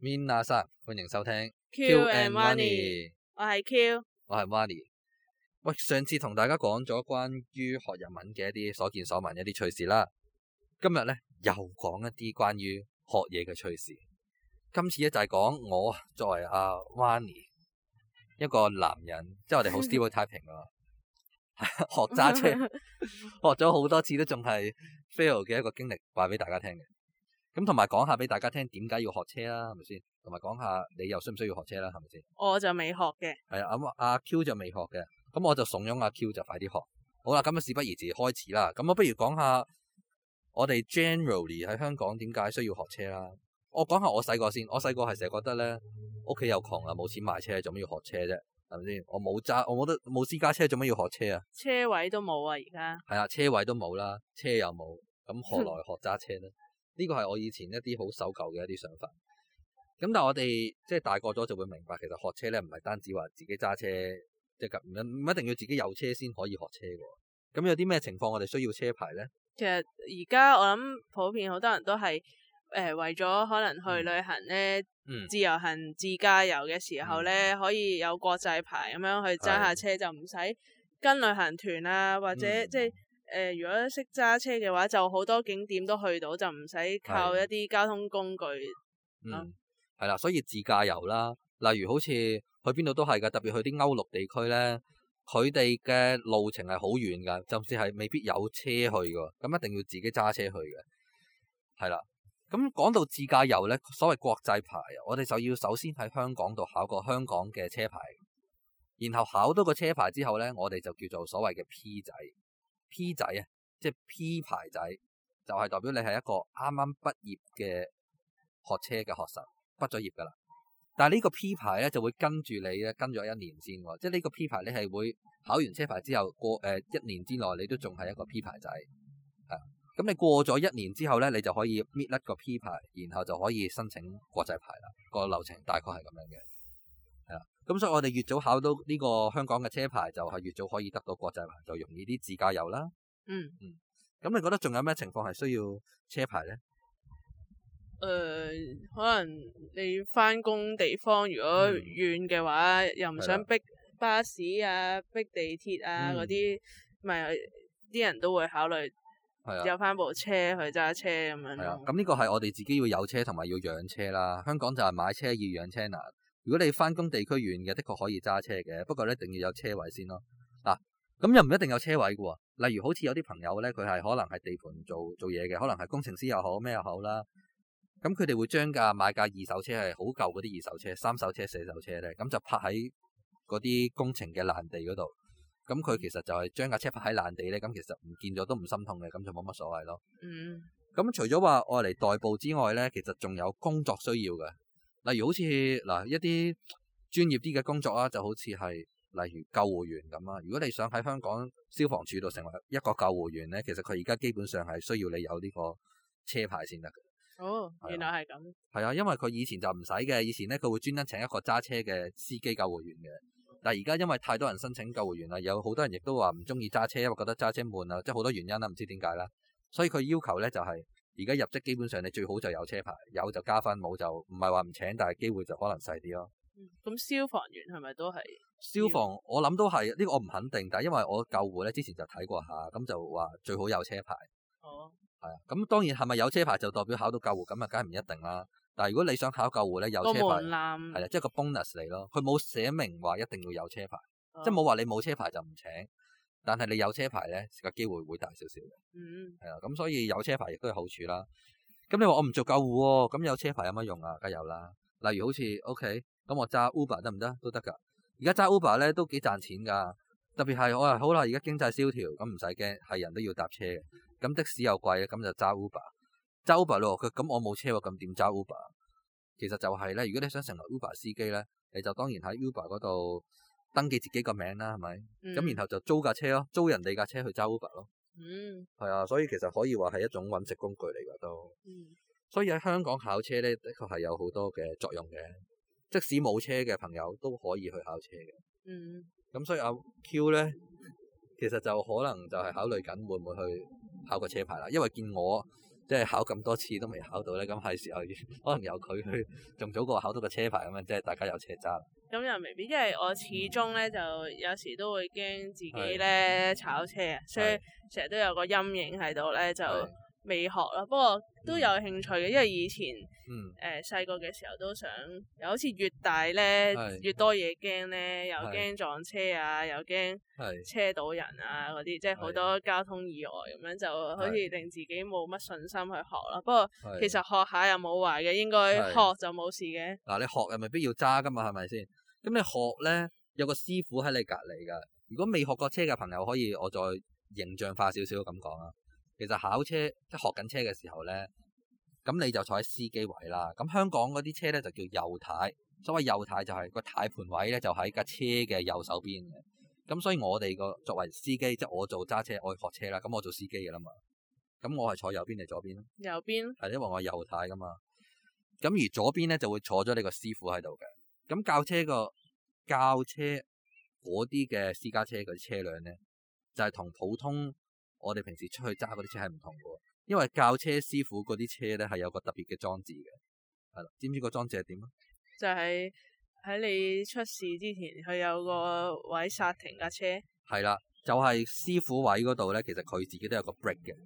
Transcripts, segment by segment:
Minasan，歡迎收聽。Q, Q and Wanny，ani 我係是 Q，我係 Wanny 喂，上次同大家講咗關於學日文嘅一啲所見所聞一啲趣事啦，今日咧又講一啲關於學嘢嘅趣事。今次咧就係、是、講我作為阿、啊、Wanny 一個男人，即係我哋好 stereotyping 啊， 學揸車，學咗好多次都仲係 fail 嘅一個經歷，話俾大家聽嘅。咁同埋講下俾大家聽，點解要學車啦，係咪先？同埋講下你又需唔需要學車啦，係咪先？我就未學嘅。係啊,阿阿 Q 就未學嘅。咁我就慫恿阿 Q 就快啲學。好啦，咁啊事不宜遲，開始啦。咁我不如講下我哋 Generally 喺香港點解需要學車啦？我講下我細個先。我細個係成日覺得咧，屋企又窮啊，冇錢買車，做咩要學車啫？係咪先？我冇揸，我冇得冇私家車，做乜要學車啊？車位都冇啊，而家係啊，車位都冇啦，車又冇，咁何來學揸車咧？嗯呢個係我以前一啲好守舊嘅一啲想法，咁但係我哋即係大個咗就會明白，其實學車咧唔係單止話自己揸車，即係咁，唔一定要自己有車先可以學車噶。咁有啲咩情況我哋需要車牌咧？其實而家我諗普遍好多人都係誒、呃、為咗可能去旅行咧，嗯、自由行自駕遊嘅時候咧，嗯、可以有國際牌咁樣去揸下車，係呀，就唔使跟旅行團啊，或者、嗯、即係。誒、呃，如果識揸車嘅話，就好多景點都去到，就唔使靠一啲交通工具。的嗯，係啦，所以自駕遊啦，例如好似去邊度都係噶，特別去啲歐陸地區咧，佢哋嘅路程係好遠噶，甚至係未必有車去噶，咁一定要自己揸車去嘅。係啦，咁講到自駕遊咧，所謂國際牌，我哋就要首先喺香港度考個香港嘅車牌，然後考到個車牌之後咧，我哋就叫做所謂嘅 P 仔。P 仔啊，即係 P 牌仔，就係、是、代表你係一個啱啱畢業嘅學車嘅學生，畢咗業噶啦。但係呢個 P 牌咧就會跟住你咧跟咗一年先、哦，即係呢個 P 牌你係會考完車牌之後過誒、呃、一年之內你都仲係一個 P 牌仔係。咁你過咗一年之後咧，你就可以搣甩個 P 牌，然後就可以申請國際牌啦。個流程大概係咁樣嘅。咁所以，我哋越早考到呢個香港嘅車牌，就係、是、越早可以得到國際牌，就容易啲自駕遊啦。嗯嗯。咁、嗯、你覺得仲有咩情況係需要車牌呢？誒、呃，可能你翻工地方如果遠嘅話，嗯、又唔想逼巴士啊、嗯、逼地鐵啊嗰啲，咪啲、嗯、人都會考慮有翻部車去揸車咁、嗯、樣。咁呢、啊、個係我哋自己要有車同埋要養車啦。香港就係買車要養車難。如果你翻工地區遠嘅，的確可以揸車嘅，不過咧一定要有車位先咯。嗱、啊，咁又唔一定有車位嘅喎。例如好似有啲朋友咧，佢係可能係地盤做做嘢嘅，可能係工程師又好咩又好啦。咁佢哋會將架買架二手車係好舊嗰啲二手車、三手車、四手車咧，咁就泊喺嗰啲工程嘅爛地嗰度。咁佢其實就係將架車泊喺爛地咧，咁其實唔見咗都唔心痛嘅，咁就冇乜所謂咯。嗯。咁除咗話愛嚟代步之外咧，其實仲有工作需要嘅。例如好似嗱一啲專業啲嘅工作啦，就好似係例如救護員咁啦。如果你想喺香港消防處度成為一個救護員咧，其實佢而家基本上係需要你有呢個車牌先得嘅。哦，原來係咁。係啊，啊，因為佢以前就唔使嘅，以前咧佢會專登請一個揸車嘅司機救護員嘅。但係而家因為太多人申請救護員啦，有好多人亦都話唔中意揸車，因為覺得揸車悶啊，即係好多原因啦，唔知點解啦。所以佢要求咧就係、是。而家入職基本上你最好就有車牌，有就加分，冇就唔係話唔請，但係機會就可能細啲咯。咁、嗯、消防員係咪都係消、消防？我諗都係，呢、這個我唔肯定，但係因為我救護咧之前就睇過下，咁就話最好有車牌。哦。係啊，咁當然係咪有車牌就代表考到救護咁啊？梗係唔一定啦。但係如果你想考救護咧，有車牌係啊，即係個、就是、個 bonus 嚟咯。佢冇寫明話一定要有車牌，哦、即係冇話你冇車牌就唔請。但係你有車牌咧，個機會會大少少嘅。嗯，係啦，咁所以有車牌亦都有好處啦。咁你話我唔做救護喎，咁有車牌有乜用啊？梗有啦。例如好似 OK，咁我揸 Uber 得唔得？都得噶。而家揸 Uber 咧都幾賺錢噶，特別係我啊好啦，而家經濟蕭條，咁唔使驚，係人都要搭車嘅。咁的士又貴，咁就揸 Uber。揸 Uber 咯，佢咁我冇車喎，咁點揸 Uber？其實就係咧，如果你想成為 Uber 司機咧，你就當然喺 Uber 嗰度。登記自己個名啦，係咪？咁、嗯、然後就租架車咯，租人哋架車去揸 Uber 咯。嗯，係啊，所以其實可以話係一種搵食工具嚟噶都。嗯，所以喺香港考車呢，的確係有好多嘅作用嘅。即使冇車嘅朋友都可以去考車嘅。嗯，咁所以阿、啊、Q 呢，其實就可能就係考慮緊會唔會去考個車牌啦，因為見我。即係考咁多次都未考到咧，咁係時候可能由佢去，仲早過考到個車牌咁樣，即係大家有車揸。咁又未必，因為我始終咧就有時都會驚自己咧的炒車啊，所以成日的都有個陰影喺度咧就。未學啦，不過都有興趣嘅，因為以前誒細個嘅時候都想，又好似越大咧，嗯、越多嘢驚咧，嗯、又驚撞車啊，嗯、又驚車到人啊嗰啲、嗯，即係好多交通意外咁、嗯、樣，就好似令自己冇乜信心去學啦。嗯、不過、嗯、其實學下又冇壞嘅，應該學就冇事嘅。嗱、嗯，你學又未必要揸噶嘛，係咪先？咁你學咧有個師傅喺你隔離㗎。如果未學過過車嘅朋友，可以我再形象化少少咁講啦。其實考車即係學緊車嘅時候咧，咁你就坐喺司機位啦。咁香港嗰啲車咧就叫右軚，所謂右軚就係個軚盤位咧就喺架車嘅右手邊嘅。咁所以我哋個作為司機，即係我做揸車，我學車啦，咁我做司機嘅啦嘛。咁我係坐右邊定左邊咧？右邊。係因為我右軚噶嘛。咁而左邊咧就會坐咗你個師傅喺度嘅。咁教車個教車嗰啲嘅私家車嗰啲車輛咧，就係同普通。我哋平時出去揸嗰啲車係唔同嘅，因為教車師傅嗰啲車咧係有個特別嘅裝置嘅，係啦，知唔知個裝置係點啊？就喺喺你出事之前，佢有個位剎停架車。係啦，就係、是、師傅位嗰度咧，其實佢自己都有個 brake 嘅。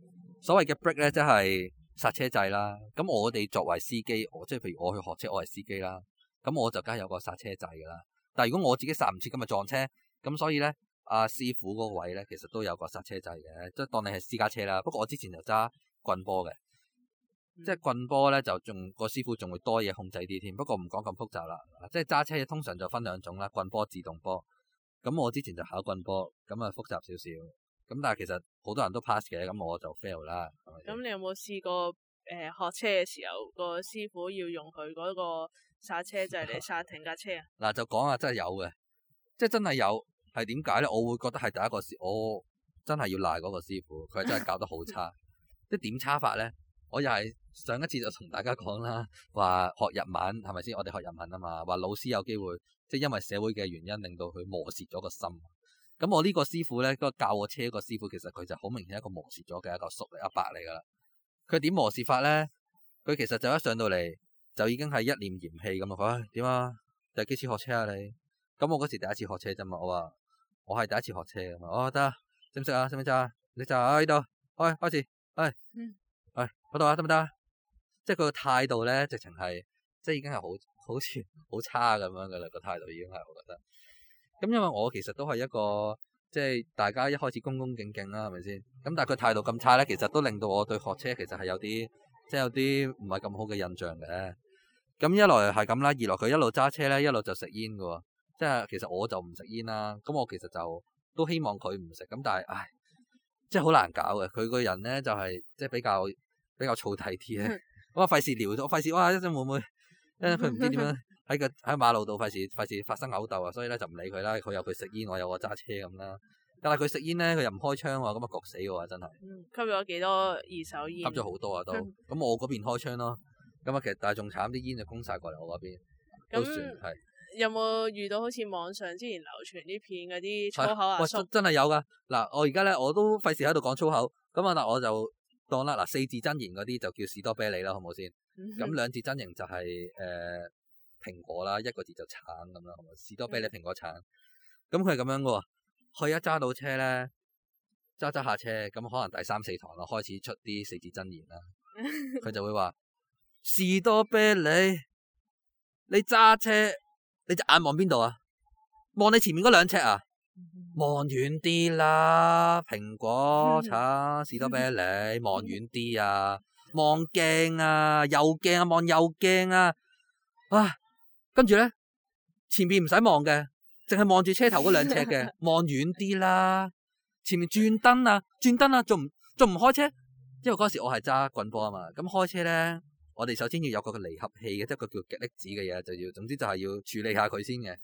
所謂嘅 brake 咧，即係剎車掣啦。咁我哋作為司機，我即係譬如我去學車，我係司機啦，咁我就梗係有個剎車掣噶。但係如果我自己剎唔切，咁咪撞車。咁所以咧。阿、啊、師傅嗰位咧，其實都有個剎車掣嘅，即係當你係私家車啦。不過我之前就揸棍波嘅，即係棍波咧就仲個師傅仲會多嘢控制啲添。不過唔講咁複雜啦，即係揸車通常就分兩種啦，棍波、自動波。咁我之前就考棍波，咁啊複雜少少。咁但係其實好多人都 pass 嘅，咁我就 fail 啦。咁你有冇試過誒、呃、學車嘅時候個師傅要用佢嗰個剎車掣嚟剎停架車 啊？嗱，就講下，真係有嘅，即係真係有。係點解咧？我會覺得係第一個師，我真係要賴嗰個師傅，佢係真係教得好差。即 點差法咧？我又係上一次就同大家講啦，話學日文係咪先？我哋學日文啊嘛，話老師有機會即因為社會嘅原因令到佢磨蝕咗個心。咁我呢個師傅咧，嗰教我車個師傅，其實佢就好明顯一個磨蝕咗嘅一個叔嚟阿伯嚟㗎喇。佢點磨蝕法咧？佢其實就一上到嚟就已經係一臉嫌棄咁、哎、啊！點啊？第幾次學車啊你？咁我嗰時第一次學車啫嘛，我話。我係第一次學車嘅，我得識唔識啊？識唔識啊？你就喺度開開始，哎，哎，嗰度啊，得唔得？即係佢個態度咧，直情係即係已經係好好似好差咁樣嘅啦，個態度已經係我覺得。咁因為我其實都係一個即係大家一開始恭恭敬敬啦，係咪先？咁但係佢態度咁差咧，其實都令到我對學車其實係有啲即係有啲唔係咁好嘅印象嘅。咁、嗯、一來係咁啦，二來佢一路揸車咧，一路就食煙嘅。即係其實我就唔食煙啦，咁我其實就都希望佢唔食，咁但係唉，即係好難搞嘅。佢個人咧就係、是、即係比較比較躁啲啲咧，我話費事撩，我費事哇一陣會唔會？因為佢唔知點樣喺個喺馬路度費事費事發生口鬥啊，所以咧就唔理佢啦。佢有佢食煙，我有我揸車咁啦。但係佢食煙咧，佢又唔開窗喎，咁啊焗死喎真係。吸咗幾多二手煙？吸咗好多啊都。咁、嗯嗯、我嗰邊開窗咯，咁啊其實但係仲慘啲煙就供晒過嚟我嗰邊、嗯啊，都那那算係。有冇遇到好似網上之前流傳啲片嗰啲粗口啊？喂，真真係有噶嗱。我而家咧我都費事喺度講粗口，咁啊嗱，我就當啦嗱，四字真言嗰啲就叫士多啤梨啦，好唔好先？咁兩字真言就係誒蘋果啦，一個字就橙咁啦，士多啤梨蘋果橙，咁佢係咁樣噶，去一揸到車咧揸揸下車，咁可能第三四堂啦，開始出啲四字真言啦，佢就會話士多啤梨，你揸車。你隻眼望邊度啊？望你前面嗰兩尺啊？望遠啲啦，蘋果橙士多啤梨，望遠啲啊！望鏡啊，右鏡啊，望右鏡啊！哇、啊！跟住咧，前面唔使望嘅，淨係望住車頭嗰兩尺嘅，望遠啲啦。前面轉燈啊，轉燈啊，仲唔仲唔開車？因為嗰時我係揸棍波啊嘛，咁開車咧。我哋首先要有個個離合器嘅，即係佢叫極力子嘅嘢，就要總之就係要處理下佢先嘅。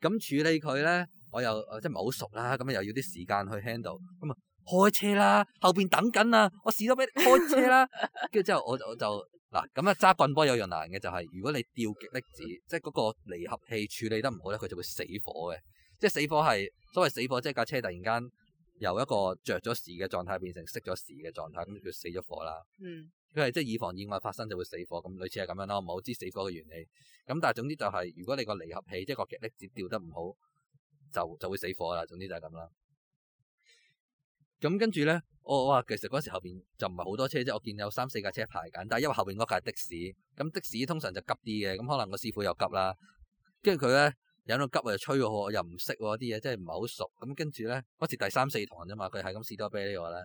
咁處理佢咧，我又即係唔係好熟啦，咁又要啲時間去 handle。咁啊，開車啦，後邊等緊啊，我試都俾你開車啦。跟住之後我，我就我就嗱，咁啊揸棍波有樣難嘅就係、是，如果你掉極力子，即係嗰個離合器處理得唔好咧，佢就會死火嘅。即係死火係所謂死火，即係架車突然間由一個着咗事嘅狀態變成熄咗事嘅狀態，咁叫死咗火啦。嗯。因為即係以防意外發生就會死火咁，類似係咁樣咯。冇知死火嘅原理咁，但係總之就係、是、如果你個離合器即係個極力子調得唔好，就就會死火啦。總之就係咁啦。咁跟住咧，我、哦、哇其實嗰時後邊就唔係好多車啫。我見有三四架車排緊，但係因為後邊嗰架係的士，咁的士通常就急啲嘅，咁可能個師傅又急啦，跟住佢咧有度急啊，就吹我，我又唔識啲嘢，真係唔係好熟。咁跟住咧嗰時第三四堂啫嘛，佢係咁士多啤梨我咧，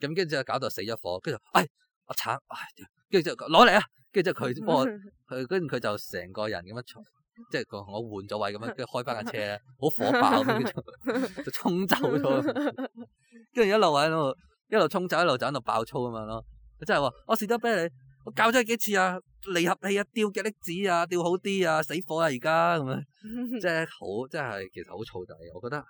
咁跟住就搞到死咗火，跟住哎。阿橙，唉，跟住就攞嚟啊！跟住就佢幫、啊、我，佢跟住佢就成個人咁樣坐，即係我換咗位咁樣，跟住開翻架車，好火爆咁樣就， 就衝走咗。跟住一路喺度，一路衝走，一路就喺度爆粗咁樣咯。佢真係話我士多啤梨，我教咗你幾次啊？離合器啊，吊幾粒子啊，吊好啲啊，死火啊，而家咁樣，即係好，即係其實好燥底，我覺得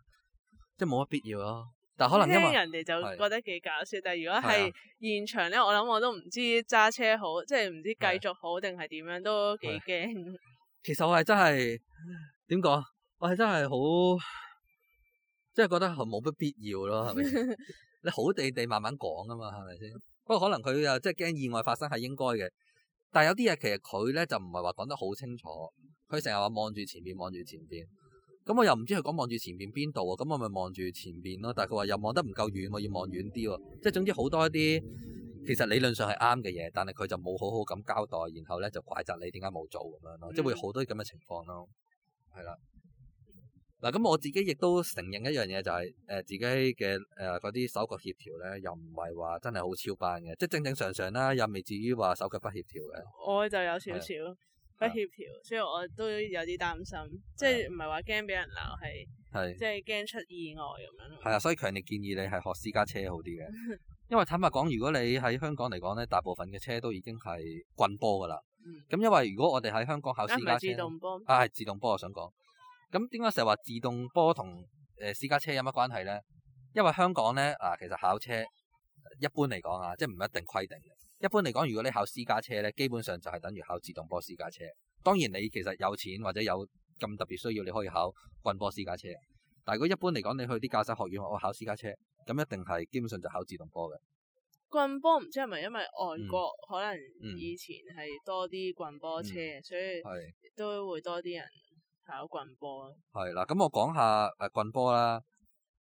即係冇乜必要咯。但可能因為人哋就覺得幾搞笑，是但係如果係現場咧，的我諗我都唔知揸車好，即係唔知繼續好定係點樣都幾驚。其實我係真係點講？我係真係好，即係覺得係冇乜必要咯，係咪？ 你好地地慢慢講啊嘛，係咪先？不過可能佢又即係驚意外發生係應該嘅，但係有啲嘢其實佢咧就唔係話講得好清楚，佢成日話望住前面，望住前邊。咁我又唔知佢講望住前面邊度喎，咁我咪望住前面咯。但係佢話又望得唔夠遠，我要望遠啲喎。即係總之好多一啲其實理論上係啱嘅嘢，但係佢就冇好好咁交代，然後咧就怪責你點解冇做咁、嗯、樣咯。即係會好多咁嘅情況咯。係啦，嗱咁我自己亦都承認一樣嘢就係、是、誒、呃、自己嘅誒嗰啲手腳協調咧，又唔係話真係好超班嘅，即係正正常常啦，又未至於話手腳不協調嘅。我就有少少不協調，所以我都有啲擔心，即係唔係話驚俾人鬧係，即係驚出意外咁樣。係啊，所以強烈建議你係學私家車好啲嘅， 因為坦白講，如果你喺香港嚟講咧，大部分嘅車都已經係棍波噶啦。咁、嗯、因為如果我哋喺香港考私家車，自動波，啊係自動波，我想講，咁點解成日話自動波同誒私家車有乜關係咧？因為香港咧啊，其實考車一般嚟講啊，即係唔一定規定嘅。一般嚟講，如果你考私家車咧，基本上就係等於考自動波私家車。當然你其實有錢或者有咁特別需要，你可以考棍波私家車。但係如果一般嚟講，你去啲駕駛學院，我考私家車咁，一定係基本上就考自動波嘅。棍波唔知係咪因為外國、嗯、可能以前係多啲棍波車，嗯、所以都會多啲人考棍波。係啦，咁我講下誒棍波啦。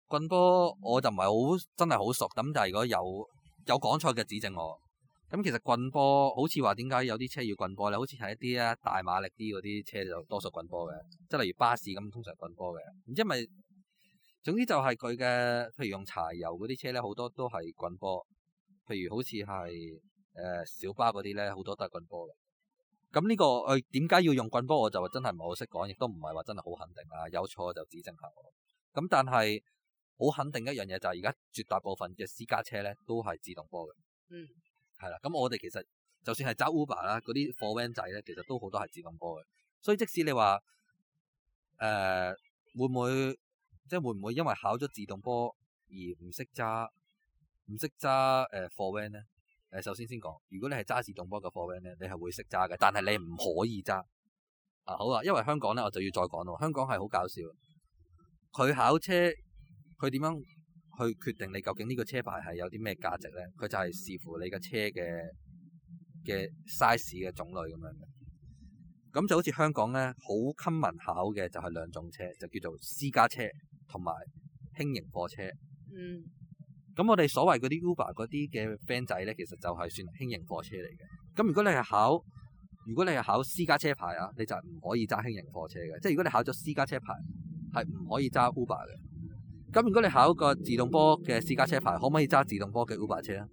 棍波我就唔係好真係好熟，咁就如果有有講錯嘅指正我。咁其實棍波好似話點解有啲車要棍波咧？好似係一啲咧大馬力啲嗰啲車就多數棍波嘅，即係例如巴士咁，通常棍波嘅。然之後咪總之就係佢嘅，譬如用柴油嗰啲車咧，好多都係棍波。譬如好似係誒小巴嗰啲咧，好多都係棍波嘅。咁呢、這個誒點解要用棍波？我就真係唔係好識講，亦都唔係話真係好肯定啦。有錯就指正下我。咁但係好肯定一樣嘢就係而家絕大部分嘅私家車咧都係自動波嘅。嗯。係啦，咁、嗯、我哋其實就算係揸 Uber 啦，嗰啲貨 van 仔咧，其實都好多係自動波嘅。所以即使你話誒、呃、會唔會即係會唔會因為考咗自動波而唔識揸唔識揸誒貨 van 咧？誒、呃呃，首先先講，如果你係揸自動波嘅貨 van 咧，你係會識揸嘅，但係你唔可以揸。啊，好啊，因為香港咧，我就要再講咯。香港係好搞笑，佢考車佢點樣？去決定你究竟呢個車牌係有啲咩價值咧？佢就係視乎你嘅車嘅嘅 size 嘅種類咁樣嘅。咁就好似香港咧，好 common 考嘅就係兩種車，就叫做私家車同埋輕型貨車。嗯。咁我哋所謂嗰啲 Uber 嗰啲嘅 friend 仔咧，其實就係算輕型貨車嚟嘅。咁如果你係考，如果你係考私家車牌啊，你就係唔可以揸輕型貨車嘅。即係如果你考咗私家車牌，係唔可以揸 Uber 嘅。咁如果你考一個自動波嘅私家車牌，可唔可以揸自動波嘅 Uber 車啊？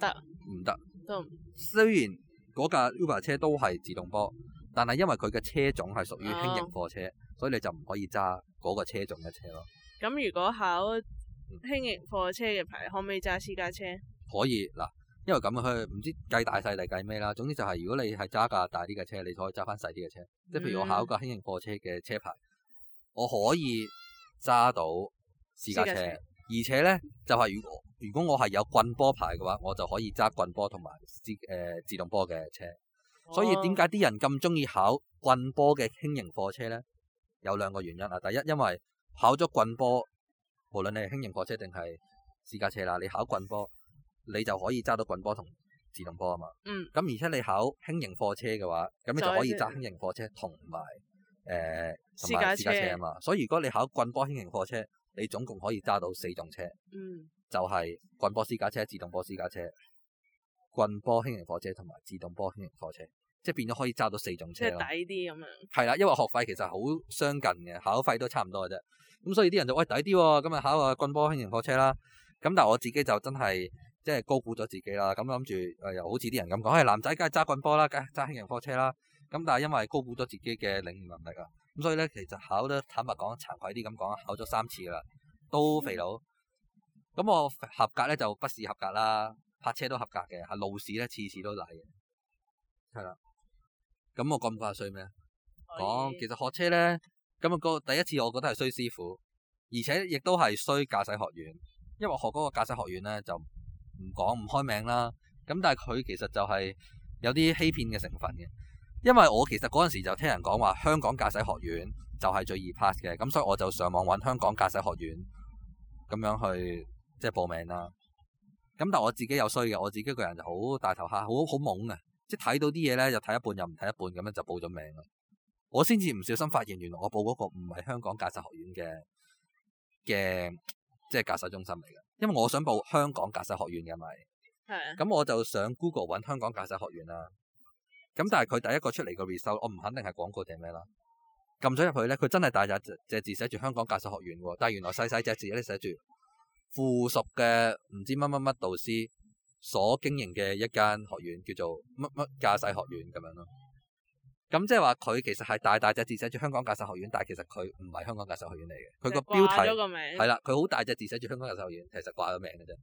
得行，唔得行，都雖然嗰架 Uber 車都係自動波，但係因為佢嘅車種係屬於輕型貨車，哦、所以你就唔可以揸嗰個車種嘅車咯。咁如果考輕型貨車嘅牌，可唔可以揸私家車？可以嗱，因為咁啊，佢唔知計大細嚟計咩啦。總之就係如果你係揸架大啲嘅車，你就可以揸翻細啲嘅車。即係譬如我考個輕型貨車嘅車牌，嗯、我可以。揸到私家車，家車而且呢，就係、是、如果如果我係有棍波牌嘅話，我就可以揸棍波同埋自誒、呃、自動波嘅車。哦、所以點解啲人咁中意考棍波嘅輕型貨車呢？有兩個原因啊。第一，因為考咗棍波，無論你係輕型貨車定係私家車啦，你考棍波，你就可以揸到棍波同自動波啊嘛。嗯。咁而且你考輕型貨車嘅話，咁你就可以揸輕型貨車同埋。誒，同埋、呃、私家車啊嘛，車所以如果你考棍波輕型貨車，你總共可以揸到四種車，嗯，就係棍波私家車、自動波私家車、棍波輕型貨車同埋自動波輕型貨車，即係變咗可以揸到四種車咯。抵啲咁樣。係啦，因為學費其實好相近嘅，考費都差唔多嘅啫。咁所以啲人就喂抵啲，咁啊考個棍波輕型貨車啦。咁但係我自己就真係即係高估咗自己啦。咁諗住誒，又、呃、好似啲人咁講，係、哎、男仔梗係揸棍波啦，梗係揸輕型貨車啦。咁但係因為高估咗自己嘅領悟能力啊，咁所以咧，其實考得，坦白講，慚愧啲咁講，考咗三次啦，都肥佬。咁我合格咧就不是合格啦，泊車都合格嘅，喺路試咧次次都嚟嘅，係啦。咁我咁快衰咩？講以其實學車咧，咁啊個第一次我覺得係衰師傅，而且亦都係衰駕駛學院，因為學嗰個駕駛學院咧就唔講唔開名啦，咁但係佢其實就係有啲欺騙嘅成分嘅。因為我其實嗰陣時就聽人講話香港駕駛學院就係最易 pass 嘅，咁所以我就上網揾香港駕駛學院咁樣去即係、就是、報名啦。咁但係我自己又衰嘅，我自己個人就好大頭蝦，好好懵嘅，即係睇到啲嘢咧就睇一半，又唔睇一半咁樣就報咗名啦。我先至唔小心發現原來我報嗰個唔係香港駕駛學院嘅嘅即係駕駛中心嚟嘅，因為我想報香港駕駛學院嘅咪。係啊。咁我就上 Google 揾香港駕駛學院啦。咁但係佢第一個出嚟個 result 我唔肯定係廣告定咩啦。撳咗入去咧，佢真係大隻隻字寫住香港駕駛學院喎。但係原來細細隻字咧寫住附屬嘅唔知乜乜乜導師所經營嘅一間學院，叫做乜乜駕駛學院咁樣咯。咁即係話佢其實係大大隻字寫住香港駕駛學院，但係其實佢唔係香港駕駛學院嚟嘅。佢個標題係啦，佢好大隻字寫住香港駕駛學院，其實掛咗名嘅啫。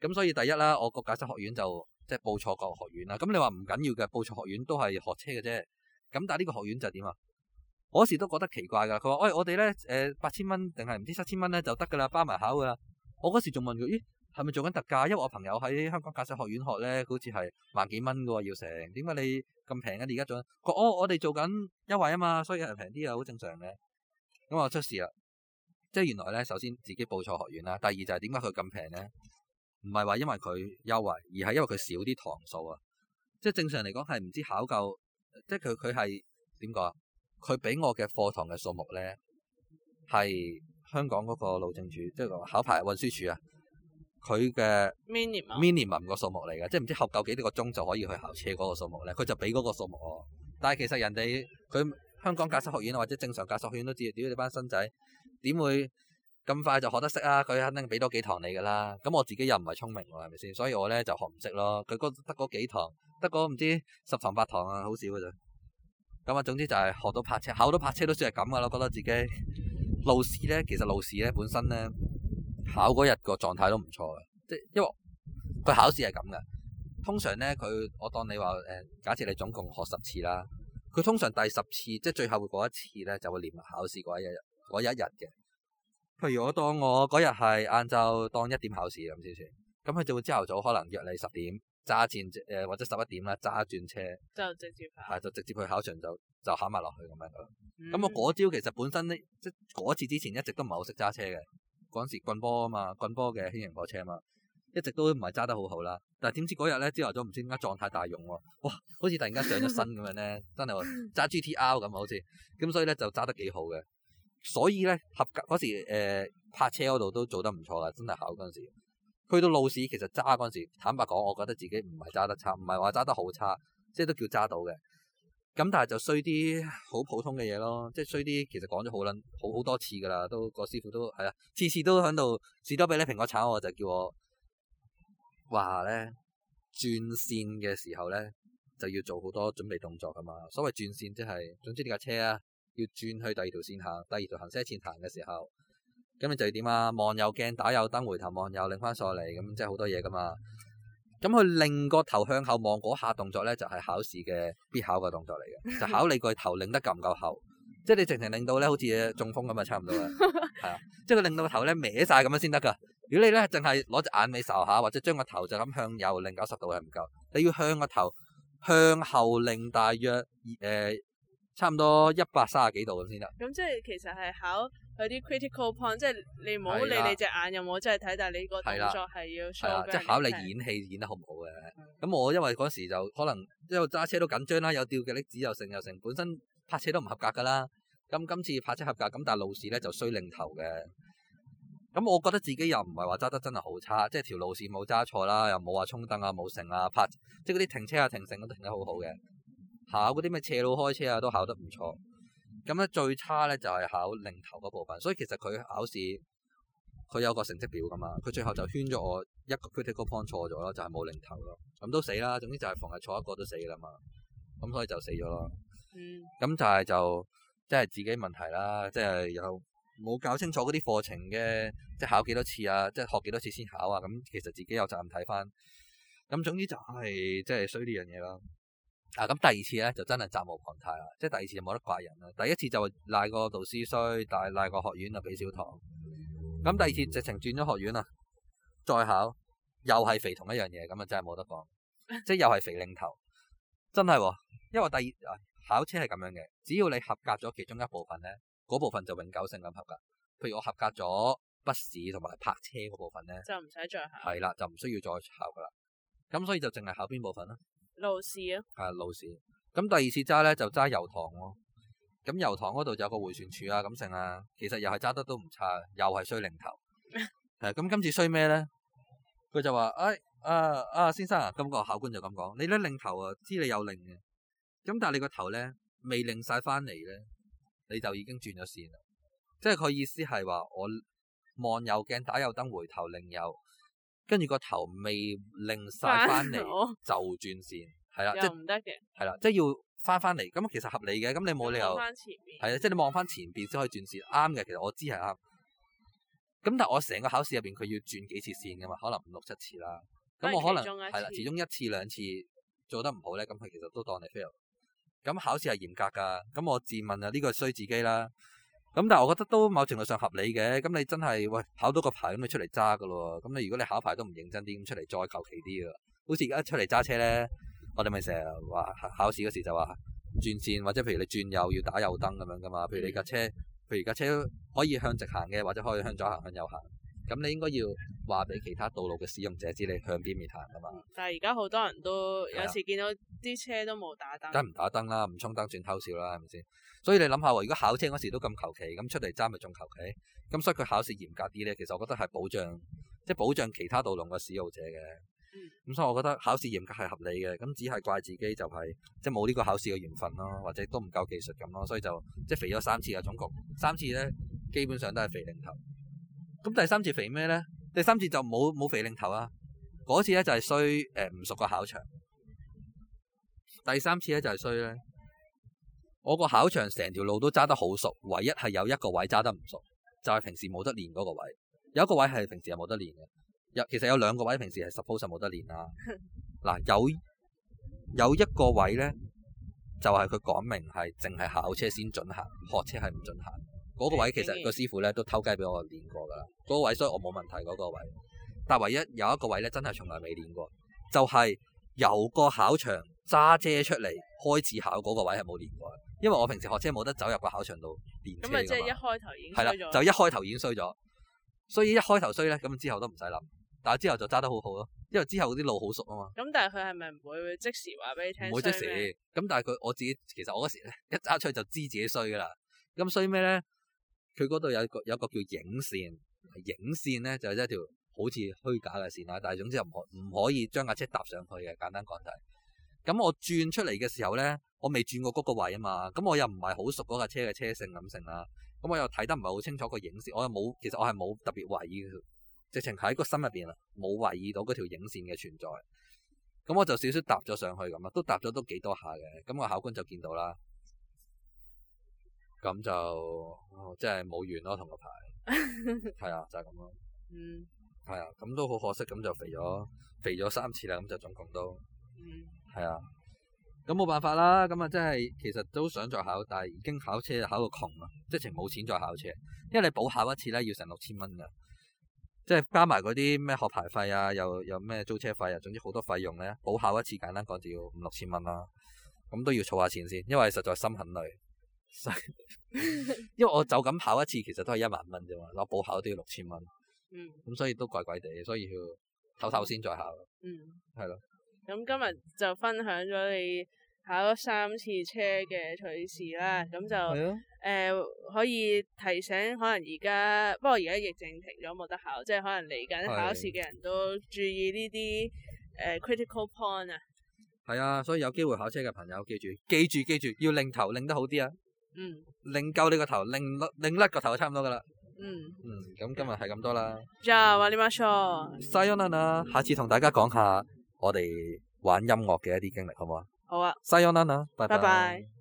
咁所以第一啦，我個駕駛學院就。即係報錯個學院啦，咁你話唔緊要嘅，報錯學院都係學車嘅啫。咁但係呢個學院就點啊？我嗰時都覺得奇怪噶，佢話：，喂、哎，我哋咧，誒，八千蚊定係唔知七千蚊咧就得噶啦，包埋考噶啦。我嗰時仲問佢：，咦，係咪做緊特價？因為我朋友喺香港駕駛學院學咧，好似係萬幾蚊噶，要成。點解你咁平啊？你而家做緊。哦，我哋做緊優惠啊嘛，所以係平啲啊，好正常嘅。咁我出事啦，即係原來咧，首先自己報錯學院啦，第二就係點解佢咁平咧？唔係話因為佢優惠，而係因為佢少啲堂數啊！即係正常嚟講係唔知考夠，即係佢佢係點講啊？佢畀我嘅課堂嘅數目咧，係香港嗰個路政署，即係話考牌運輸署啊，佢嘅 minimum minimum 個數目嚟嘅，Minimum? 即係唔知合夠幾多個鐘就可以去考車嗰個數目咧，佢就俾嗰個數目我。但係其實人哋佢香港駕駛學院或者正常駕駛學院都知，屌你班新仔點會？咁快就學得識啊！佢肯定俾多幾堂你噶啦。咁我自己又唔係聰明喎，係咪先？所以我咧就學唔識咯。佢得嗰幾堂，得嗰唔知十堂八堂啊，好少噶咋。咁啊，總之就係學到泊車，考到泊車都算係咁噶啦。我覺得自己路試咧，其實路試咧本身咧，考嗰日個狀態都唔錯嘅，即係因為佢考試係咁嘅。通常咧，佢我當你話誒，假設你總共學十次啦，佢通常第十次即係最後嗰一次咧，就會連埋考試嗰一日嗰一日嘅。譬如我當我嗰日係晏晝當一點考試咁先算，咁佢就會朝頭早可能約你十點揸前，誒或者十一點啦揸轉車，就直接係就直接去考場就就考埋落去咁樣。咁、嗯、我嗰朝其實本身呢，即嗰次之前一直都唔係好識揸車嘅，嗰時棍波啊嘛，棍波嘅輕型火車啊嘛，一直都唔係揸得好好啦。但係點知嗰日咧朝頭早唔知點解狀態大勇喎、啊，哇，好似突然間上咗身咁樣咧， 真係揸 GTR 咁好似咁，所以咧就揸得幾好嘅。所以咧合格嗰時，誒、呃、泊車嗰度都做得唔錯啦，真係考嗰陣時。去到路試其實揸嗰陣時，坦白講，我覺得自己唔係揸得差，唔係話揸得好差，即係都叫揸到嘅。咁但係就衰啲好普通嘅嘢咯，即係衰啲。其實講咗好撚好好多次㗎啦，都個師傅都係啦，次、啊、次都響度士多啤梨蘋果橙，我就叫我話咧，轉線嘅時候咧就要做好多準備動作㗎嘛。所謂轉線即、就、係、是、總之呢架車啊。要轉去第二條線行，第二條行車前行嘅時候，咁你就要點啊？望右鏡，打右燈，回頭望右，擰翻上嚟，咁即係好多嘢噶嘛。咁佢擰個頭向後望嗰下動作咧，就係、係、考試嘅必考嘅動作嚟嘅，就係、考你個頭擰得夠唔夠後。即係你直情擰到咧，好似中風咁啊，差唔多啦。係 啊，即係佢擰到個頭咧，歪晒咁樣先得噶。如果你咧淨係攞隻眼尾睄下，或者將個頭就咁向右擰九十度係唔夠，你要向個頭向後擰大約誒。呃差唔多一百三十幾度咁先得。咁即係其實係考佢啲 critical point，、嗯、即係你唔好理你隻眼有冇真係睇，的但係你個動作係要錯的人即係考你演戲演得好唔好嘅。咁、嗯、我因為嗰時就可能一路揸車都緊張啦，有吊嘅粒子又成又成，本身泊車都唔合格噶啦。咁今次泊車合格，咁但係路線咧就衰另頭嘅。咁我覺得自己又唔係話揸得真係好差，即係條路線冇揸錯啦，又冇話衝燈啊冇成啊泊，即係嗰啲停車啊停成都，都停得好好嘅。考嗰啲咩斜路開車啊，都考得唔錯。咁咧最差咧就係考零頭嗰部分，所以其實佢考試佢有個成績表噶嘛，佢最後就圈咗我一個 critical point 錯咗咯，就係冇零頭咯。咁都死啦，總之就係逢係錯一個都死噶啦嘛。咁所以就死咗咯。咁就係就即係自己問題啦，即係有冇搞清楚嗰啲課程嘅，即係考幾多次啊，即係學幾多次先考啊？咁其實自己有責任睇翻。咁總之就係即係衰呢樣嘢啦。啊咁第二次咧就真係責無旁貸啦，即係第二次就冇得怪人啦。第一次就賴個導師衰，但係賴個學院就俾少堂。咁第二次直情轉咗學院啦，再考又係肥同一樣嘢，咁啊真係冇得講，即係又係肥領頭， 真係、哦。因為第二考車係咁樣嘅，只要你合格咗其中一部分咧，嗰部分就永久性咁合格。譬如我合格咗筆試同埋泊車嗰部分咧，就唔使再考。係啦，就唔需要再考噶啦。咁所以就淨係考邊部分啦？路試啊，係路試。咁第二次揸咧就揸油塘咯，哦。咁油塘嗰度就有個回旋處啊，錦城啊。其實又係揸得都唔差，又係衰擰頭。係咁， 啊、今次衰咩咧？佢就話，哎啊啊先生啊，今，嗰個考官就咁講，你咧擰頭啊，知你有擰嘅。咁但係你個頭咧未擰晒翻嚟咧，你就已經轉咗線啦。即係佢意思係話，我望右鏡打右燈回頭擰右。跟住個頭未擰晒翻嚟就轉線，係啦，即係唔得嘅，係啦，即係要翻翻嚟。咁其實合理嘅，咁你冇理由，係啊，即係你望翻前邊先可以轉線，啱嘅。其實我知係啱。咁但係我成個考試入邊，佢要轉幾次線嘅嘛？可能五六七次啦。咁但我可能係啦，始終一次兩次，次做得唔好咧，咁佢其實都當你 fail。咁考試係嚴格㗎，咁我自問啊，呢個係衰自己啦。咁但係我覺得都某程度上合理嘅。咁你真係喂考到個牌咁你出嚟揸㗎咯。咁你如果你考牌都唔認真啲，咁出嚟再求其啲啊。好似而家出嚟揸車咧，我哋咪成日話考試嗰時就話轉線或者譬如你轉右要打右燈咁樣噶嘛。譬如你架車，譬如架車可以向直行嘅，或者可以向左行、向右行。咁你應該要話俾其他道路嘅使用者知，你向邊面行啊嘛。但係而家好多人都 Yeah. 有時見到啲車都冇打燈。梗唔打燈啦，唔衝燈算偷笑啦，係咪先？所以你諗下如果考車嗰時都咁求其，咁出嚟揸咪仲求其。咁所以佢考試嚴格啲咧，其實我覺得係保障，即係保障其他道路嘅使用者嘅。咁、嗯、所以，我覺得考試嚴格係合理嘅。咁只係怪自己就係、是、即係冇呢個考試嘅緣分咯，或者都唔夠技術咁咯。所以就即係肥咗三次啊，總共三次咧，基本上都係肥零頭。咁第三次肥咩咧？第三次就冇冇肥領頭啊！嗰次咧就係衰誒唔熟個考場。第三次咧就係衰咧，我個考場成條路都揸得好熟，唯一係有一個位揸得唔熟，就係、是、平時冇得練嗰個位。有一個位係平時係冇得練嘅，有其實有兩個位平時係十 push 冇得練啦。嗱， 有有一個位咧，就係佢講明係淨係考車先准行，學車係唔准行。嗰個位其實個師傅咧都偷雞俾我練過㗎啦，嗰個位所以我冇問題嗰個位。但唯一有一個位咧真係從來未練過，就係由個考場揸車出嚟開始考嗰個位係冇練過，因為我平時學車冇得走入個考場度練車㗎嘛。咁啊，即係一開頭已經衰咗。係啦，就一開頭已經衰咗，所以一開頭衰咧，咁之後都唔使諗。但係之後就揸得好好咯，因為之後啲路好熟啊嘛。咁但係佢係咪唔會即時話俾你聽？唔會即時。咁呢但係佢我自己其實我嗰時咧一揸出嚟就知自己衰㗎啦。咁衰咩咧？佢嗰度有個有個叫影線，影線咧就係一條好似虛假嘅線啦。但係總之唔可唔可以將架車搭上去嘅，簡單講就係。咁我轉出嚟嘅時候咧，我未轉過嗰個位啊嘛。咁我又唔係好熟嗰架車嘅車性咁性啦。咁我又睇得唔係好清楚個影線，我又冇，其實我係冇特別懷疑直情喺個心入邊啦，冇懷疑到嗰條影線嘅存在。咁我就少少搭咗上去咁啊，都搭咗都幾多下嘅。咁我個考官就見到啦。咁就即係冇完咯，同個牌，係啊，就係咁咯。嗯，係啊，咁都好可惜，咁就肥咗肥咗三次啦，咁就總共都，嗯，係啊，咁冇辦法啦，咁啊，即係其實都想再考，但係已經考車就考到窮啦，即係冇錢再考車，因為你補考一次咧要成六千蚊㗎，即係加埋嗰啲咩學牌費啊，又有咩租車費啊，總之好多費用咧，補考一次簡單講就要五六千蚊啦，咁都要儲下錢先，因為實在心很累。 因為我就咁考一次，其實都係一萬蚊啫嘛，攞，補考都要六千蚊，咁、嗯嗯、所以都怪怪地，所以要唞唞先再考。嗯，係咯、啊。咁、嗯、今日就分享咗你考咗三次車嘅趣事啦，咁就誒、嗯呃、可以提醒，可能而家不過而家疫症停咗，冇得考，即係可能嚟緊考試嘅人都注意呢啲誒 critical point 啊。係啊，所以有機會考車嘅朋友記住，記住，記住要擰頭擰得好啲啊！嗯，擰夠你個頭，擰甩擰甩個頭就差唔多噶啦。嗯嗯、咁、嗯、今日係咁多啦。Ja, wali masho。Siyonana 下次同大家講下我哋玩音樂嘅一啲經歷好唔好啊？好啊。Siyonana 拜拜。拜拜